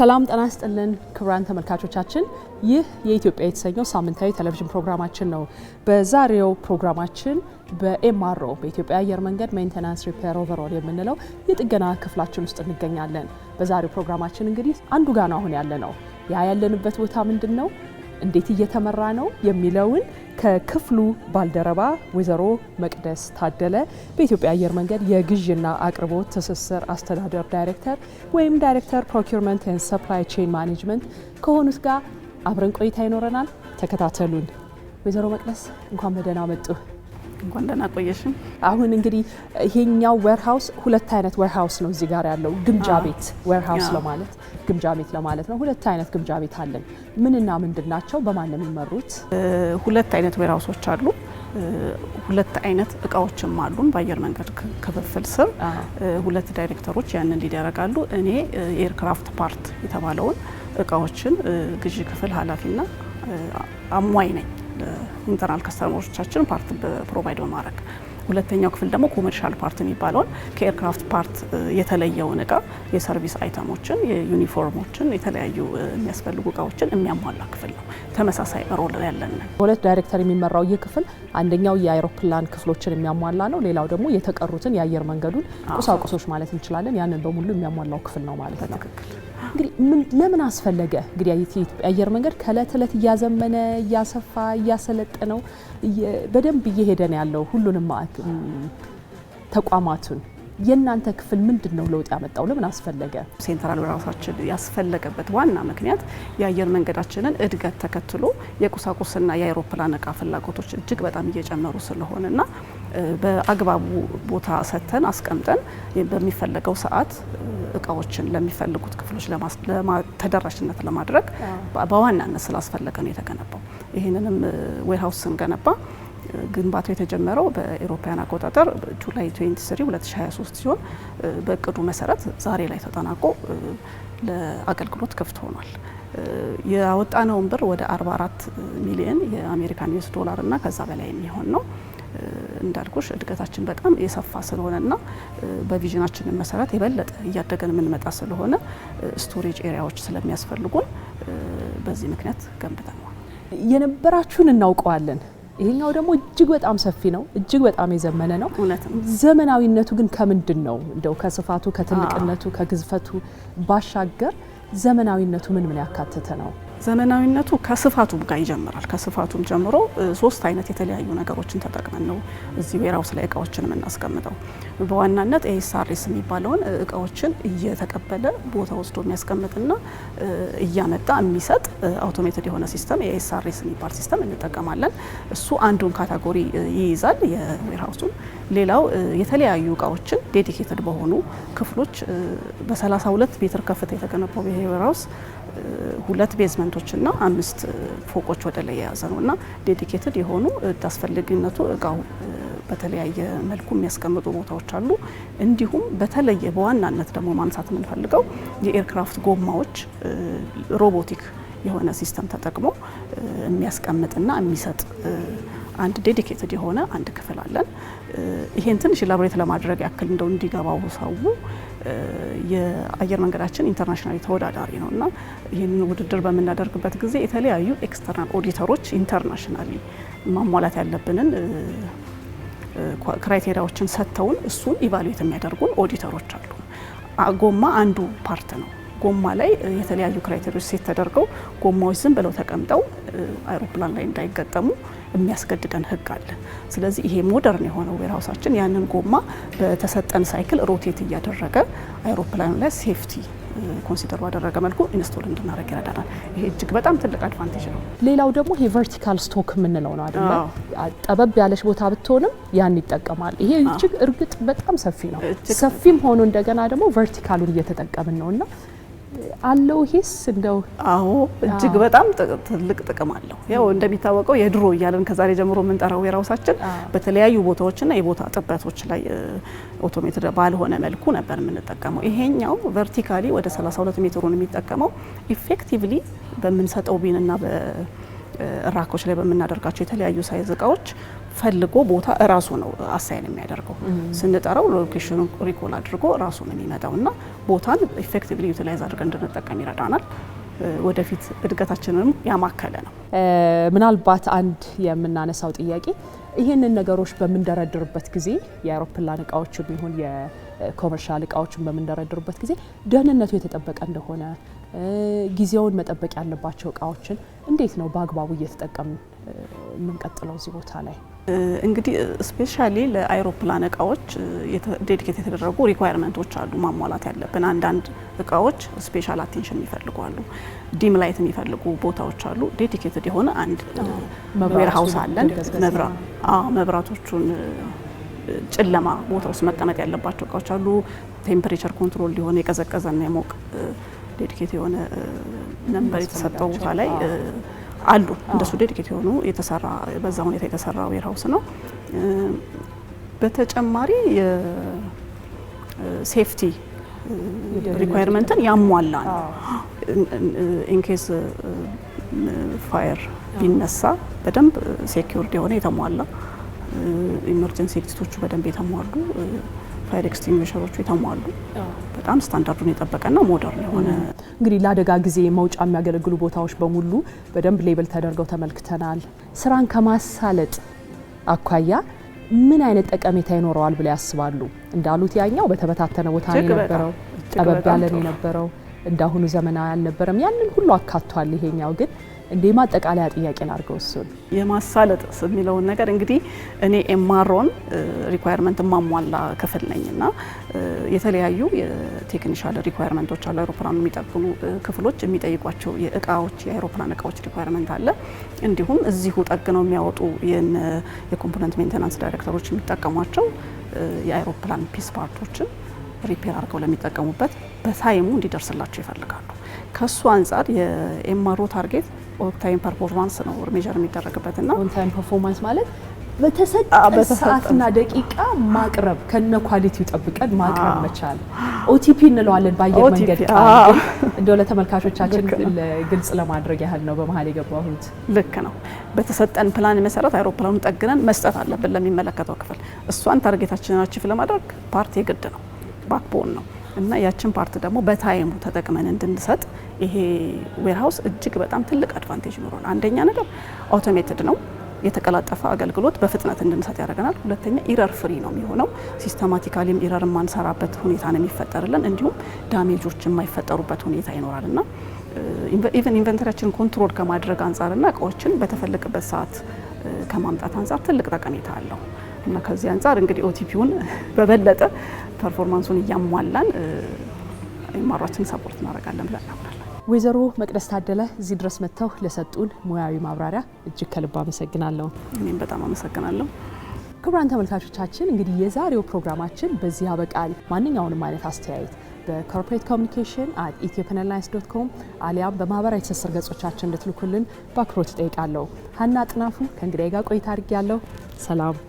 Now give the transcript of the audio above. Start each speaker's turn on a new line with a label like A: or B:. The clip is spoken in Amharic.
A: ሰላም ጤና ይስጥልን ክቡራን ተመልካቾቻችን፣ ይህ የኢትዮጵያ የተሰኘው ሳምንታዊ ቴሌቪዥን ፕሮግራማችን ነው። በዛሬው ፕሮግራማችን በኤምአርኦ በኢትዮጵያ አየር መንገድ ሜንቴናንስ ሪፔር ኦቨርኦል የምንለው የጥገና ክፍላችን ውስጥ እንገኛለን። በዛሬው ፕሮግራማችን እንግዲህ አንዱ ጋና አሁን ያለ ነው። ያ ያለንበት ቦታ ምንድን ነው? እንዴት እየተመራ ነው የሚለውን ከክፍሉ ባልደረባ ወይዘሮ መቅደስ ታደለ በኢትዮጵያ አየር መንገድ የግዥና አቅርቦት ትስስር አስተዳደር ዳይሬክተር ወይም ዳይሬክተር ፕሮኪርመንት ኤንድ ሰፕላይ ቼን ማኔጅመንት ከሆኑት ጋር አብረን ቆይታ ይኖረናል። ተከታተሉን። ወይዘሮ መቅደስ እንኳን በደህና መጡ።
B: እንኳን ደህና ቆየሽም።
A: አሁን እንግዲህ ይሄኛው ዌርሃውስ ሁለት አይነት ዌርሃውስ ነው እዚህ ጋር ያለው ግምጃ ቤት ዌርሃውስ ለማለት ግምጃ ቤት ለማለት ነው። ሁለት አይነት ግምጃ ቤት አለን። ምንና ምንድን ናቸው? በማን ነው የሚመሩት?
B: ሁለት አይነት ዌርሃውሶች አሉ። ሁለት አይነት እቃዎችም አሉን። በአየር መንገድ ክፍፍል ስር ሁለት ዳይሬክተሮች ያንን ሊድ ያደርጋሉ። እኔ የኤርክራፍት ፓርት የተባለውን እቃዎችን ግዢ ክፍል ኃላፊና አሟይ ነኝ። ኢንተርናል ከስተመሮቻችን ፓርት ፕሮቫይድ በማድረግ ሁለተኛው ክፍል ደግሞ ኮመርሻል ፓርት የሚባለውን ከኤርክራፍት ፓርት የተለየውን እቃ የሰርቪስ አይተሞችን፣ የዩኒፎርሞችን፣ የተለያዩ የሚያስፈልጉ እቃዎችን የሚያሟላ ክፍል ነው። ተመሳሳይ ሮል ያለን
A: በሁለት ዳይሬክተር የሚመራው ይህ ክፍል አንደኛው የአይሮፕላን ክፍሎችን የሚያሟላ ነው። ሌላው ደግሞ የተቀሩትን የአየር መንገዱን ቁሳቁሶች ማለት እንችላለን። ያንን በሙሉ የሚያሟላው ክፍል ነው ማለት ነው። እንግዲህ ለምን አስፈለገ? እንግዲህ አየር መንገድ ከእለት እለት እያዘመነ እያሰፋ እያሰለጠነው በደንብ እየሄደ ነው ያለው ሁሉንም ተቋማቱን የእናንተ ክፍል ምንድን ነው ለውጥ ያመጣው? ለምን አስፈለገ?
B: ሴንትራል ራሳችን ያስፈለገበት ዋና ምክንያት የአየር መንገዳችንን እድገት ተከትሎ የቁሳቁስና የአይሮፕላን እቃ ፍላጎቶች እጅግ በጣም እየጨመሩ ስለሆነና በአግባቡ ቦታ ሰጥተን አስቀምጠን በሚፈለገው ሰዓት እቃዎችን ለሚፈልጉት ክፍሎች ተደራሽነት ለማድረግ በዋናነት ስላስፈለገ ነው የተገነባው። ይህንንም ዌርሃውስ ስንገነባ ግንባታው የተጀመረው በኤሮፓያን አቆጣጠር ጁላይ 23 2023 ሲሆን በእቅዱ መሰረት ዛሬ ላይ ተጠናቆ ለአገልግሎት ክፍት ሆኗል። ያወጣነውን ብር ወደ 44 ሚሊዮን የአሜሪካን ዩኤስ ዶላር እና ከዛ በላይ የሚሆን ነው። እንዳልኩሽ እድገታችን በጣም የሰፋ ስለሆነና በቪዥናችን መሰረት የበለጠ እያደገን የምንመጣ ስለሆነ ስቶሬጅ ኤሪያዎች ስለሚያስፈልጉን በዚህ ምክንያት ገንብተነዋል።
A: የነበራችሁን እናውቀዋለን። ይሄኛው ደግሞ እጅግ በጣም ሰፊ ነው፣ እጅግ በጣም የዘመነ ነው። ዘመናዊነቱ ግን ከምንድን ነው እንደው ከስፋቱ ከትልቅነቱ ከግዝፈቱ ባሻገር ዘመናዊነቱ ምን ምን ያካተተ ነው?
B: ዘመናዊነቱ ከስፋቱም ጋር ይጀምራል። ከስፋቱም ጀምሮ ሶስት አይነት የተለያዩ ነገሮችን ተጠቅመን ነው እዚህ ዌርሃውስ ላይ እቃዎችን የምናስቀምጠው። በዋናነት ኤስአርኤስ የሚባለውን እቃዎችን እየተቀበለ ቦታ ወስዶ የሚያስቀምጥና እያመጣ የሚሰጥ አውቶሜትድ የሆነ ሲስተም የኤስአርኤስ የሚባል ሲስተም እንጠቀማለን። እሱ አንዱን ካታጎሪ ይይዛል የዌርሃውሱን ሌላው የተለያዩ እቃዎችን ዴዲኬትድ በሆኑ ክፍሎች በ32 ሜትር ከፍታ የተገነባው ብሄር ሃውስ ሁለት ቤዝመንቶችና አምስት ፎቆች ወደ ላይ የያዘ ነው እና ዴዲኬትድ የሆኑ እንዳስፈላጊነቱ እቃው በተለያየ መልኩ የሚያስቀምጡ ቦታዎች አሉ። እንዲሁም በተለየ በዋናነት ደግሞ ማንሳት የምንፈልገው የኤርክራፍት ጎማዎች ሮቦቲክ የሆነ ሲስተም ተጠቅሞ የሚያስቀምጥና የሚሰጥ አንድ ዴዲኬትድ የሆነ አንድ ክፍል አለን። ይሄን ትንሽ ላብሬት ለማድረግ ያክል እንደው እንዲገባው ሰው የአየር መንገዳችን ኢንተርናሽናል ተወዳዳሪ ነው እና ይህንን ውድድር በምናደርግበት ጊዜ የተለያዩ ኤክስተርናል ኦዲተሮች ኢንተርናሽናሊ ማሟላት ያለብንን ክራይቴሪያዎችን ሰጥተውን እሱን ኢቫሉዌት የሚያደርጉን ኦዲተሮች አሉ። ጎማ አንዱ ፓርት ነው። ጎማ ላይ የተለያዩ ክራይቴሪያዎች ሴት ተደርገው ጎማዎች ዝም ብለው ተቀምጠው አይሮፕላን ላይ እንዳይገጠሙ የሚያስገድደን ህግ አለ። ስለዚህ ይሄ ሞደርን የሆነው ዌርሃውሳችን ያንን ጎማ በተሰጠን ሳይክል ሮቴት እያደረገ አይሮፕላኑ ላይ ሴፍቲ ኮንሲደር ባደረገ መልኩ ኢንስቶል እንድናደረግ ይረዳናል። ይሄ እጅግ በጣም ትልቅ አድቫንቴጅ ነው።
A: ሌላው ደግሞ ይሄ ቨርቲካል ስቶክ የምንለው ነው አይደለ? ጠበብ ያለች ቦታ ብትሆንም ያን ይጠቀማል። ይሄ እጅግ እርግጥ በጣም ሰፊ ነው። ሰፊም ሆኖ እንደገና ደግሞ ቨርቲካሉን እየተጠቀምን ነው እና አለው ሂስ እንደው
B: አዎ፣ እጅግ በጣም ትልቅ ጥቅም አለው። ያው እንደሚታወቀው የድሮ እያለን ከዛሬ ጀምሮ የምንጠራው የራሳችን በተለያዩ ቦታዎችና የቦታ ጥበቶች ላይ ኦቶሜትድ ባልሆነ መልኩ ነበር የምንጠቀመው። ይሄኛው ቨርቲካሊ ወደ 32 ሜትሩን የሚጠቀመው ኢፌክቲቭሊ በምንሰጠው ቢንና ራኮች ላይ በምናደርጋቸው የተለያዩ ሳይዝ እቃዎች ፈልጎ ቦታ እራሱ ነው አሳይን የሚያደርገው። ስንጠራው ሎኬሽኑ ሪኮል አድርጎ እራሱ ነው የሚመጣው እና ቦታን ኤፌክቲቭሊ ዩቲላይዝ አድርገን እንድንጠቀም ይረዳናል። ወደፊት እድገታችንንም ያማከለ ነው።
A: ምናልባት አንድ የምናነሳው ጥያቄ ይህንን ነገሮች በምንደረድርበት ጊዜ የአውሮፕላን እቃዎች ይሁን የኮመርሻል እቃዎችን በምንደረድርበት ጊዜ ደህንነቱ የተጠበቀ እንደሆነ ጊዜውን መጠበቅ ያለባቸው እቃዎችን እንዴት ነው በአግባቡ እየተጠቀምን የምንቀጥለው እዚህ ቦታ ላይ?
B: እንግዲህ ስፔሻሊ ለአይሮፕላን እቃዎች ዴዲኬት የተደረጉ ሪኳየርመንቶች አሉ ማሟላት ያለብን። አንዳንድ እቃዎች ስፔሻል አቴንሽን የሚፈልጓሉ፣ ዲም ላይት የሚፈልጉ ቦታዎች አሉ። ዴዲኬትድ የሆነ አንድ ዌርሃውስ አለን። መብራቶቹን ጨለማ ቦታ ውስጥ መቀመጥ ያለባቸው እቃዎች አሉ። ቴምፕሬቸር ኮንትሮል ሊሆነ የቀዘቀዘና የሞቅ ዴዲኬት የሆነ ነንበር የተሰጠው ቦታ ላይ አሉ እንደሱ ዴዲኬት የሆኑ የተሰራ በዛ ሁኔታ የተሰራ ዌርሃውስ ነው። በተጨማሪ ሴፍቲ ሪኳየርመንትን ያሟላ ነው። ኢንኬስ ፋየር ቢነሳ በደንብ ሴኪርድ የሆነ የተሟላ ኢመርጀንሲ ኤግዚቶቹ በደንብ የተሟሉ ፋየር ኤክስቲንጉሽሮቹ የተሟሉ በጣም ስታንዳርዱን የጠበቀና ሞደርን የሆነ
A: እንግዲህ ለአደጋ ጊዜ መውጫ የሚያገለግሉ ቦታዎች በሙሉ በደንብ ሌብል ተደርገው ተመልክተናል። ስራን ከማሳለጥ አኳያ ምን አይነት ጠቀሜታ ይኖረዋል ብለው ያስባሉ? እንዳሉት ያኛው በተበታተነ ቦታ የነበረው ጠበብ ያለን የነበረው እንዳሁኑ ዘመናዊ አልነበረም። ያንን ሁሉ አካቷል። ይሄኛው ግን እንደ ማጠቃለያ ጥያቄ አድርገው እሱን
B: የማሳለጥ የሚለውን ነገር እንግዲህ እኔ ኤማሮን ሪኳየርመንት ማሟላ ክፍል ነኝ እና የተለያዩ የቴክኒሻል ሪኳየርመንቶች አሉ። አይሮፕላኑ የሚጠግኑ ክፍሎች የሚጠይቋቸው የእቃዎች የአይሮፕላን እቃዎች ሪኳየርመንት አለ። እንዲሁም እዚሁ ጠግነው የሚያወጡ የኮምፖነንት ሜንቴናንስ ዳይሬክተሮች የሚጠቀሟቸው የአይሮፕላን ፒስ ፓርቶችን ሪፔር አድርገው ለሚጠቀሙበት በታይሙ እንዲደርስላቸው ይፈልጋሉ። ከእሱ አንጻር የኤምአርኦ ታርጌት ኦንታይም ፐርፎርማንስ ነው የሚደረግበት ና
A: ኦንታይም ፐርፎርማንስ ማለት በተሰጠ ሰዓትና ደቂቃ ማቅረብ ከነ ኳሊቲው ጠብቀን ማቅረብ መቻል። ኦቲፒ እንለዋለን በአየር መንገድ እንደው ለተመልካቾቻችን ግልጽ ለማድረግ ያህል ነው በመሀል የገባሁት።
B: ልክ ነው። በተሰጠን ፕላን መሰረት አይሮፕላኑን ጠግነን መስጠት አለብን ለሚመለከተው ክፍል። እሷን ታርጌታችንን አችፍ ለማድረግ ፓርቲ የግድ ነው። ባክቦን ነው እና ያችን ፓርት ደግሞ በታይሙ ተጠቅመን እንድንሰጥ ይሄ ዌርሃውስ እጅግ በጣም ትልቅ አድቫንቴጅ ኖሮን፣ አንደኛ ነገር አውቶሜትድ ነው የተቀላጠፈ አገልግሎት በፍጥነት እንድንሰጥ ያደርገናል። ሁለተኛ ኢረር ፍሪ ነው የሚሆነው። ሲስተማቲካሊም ኢረር የማንሰራበት ሁኔታ ነው የሚፈጠርልን፣ እንዲሁም ዳሜጆች የማይፈጠሩበት ሁኔታ ይኖራል እና ኢቨን ኢንቨንተሪያችን ኮንትሮል ከማድረግ አንጻርና እቃዎችን በተፈለገበት ሰዓት uh, ከማምጣት አንጻር ትልቅ ጠቀሜታ አለው እና ከዚህ አንጻር እንግዲህ ኦቲፒውን በበለጠ ፐርፎርማንሱን እያሟላን ኤምአሯችን ሰፖርት እናደርጋለን ብለን እናምናለን።
A: ወይዘሮ መቅደስ ታደለ እዚህ ድረስ መጥተው ለሰጡን ሙያዊ ማብራሪያ እጅግ ከልብ አመሰግናለሁ።
B: እኔም በጣም አመሰግናለሁ።
A: ክቡራን ተመልካቾቻችን እንግዲህ የዛሬው ፕሮግራማችን በዚህ ያበቃል። ማንኛውንም አይነት አስተያየት በኮርፖሬት ኮሚኒኬሽን አት ኢትዮፕያን ኤርላይንስ ዶት ኮም አሊያም በማህበራዊ ትስስር ገጾቻችን እንድትልኩልን በአክብሮት እጠይቃለሁ። ሀና ጥናፉ ከእንግዳዬ ጋር ቆይታ አድርጌያለሁ።
B: ሰላም።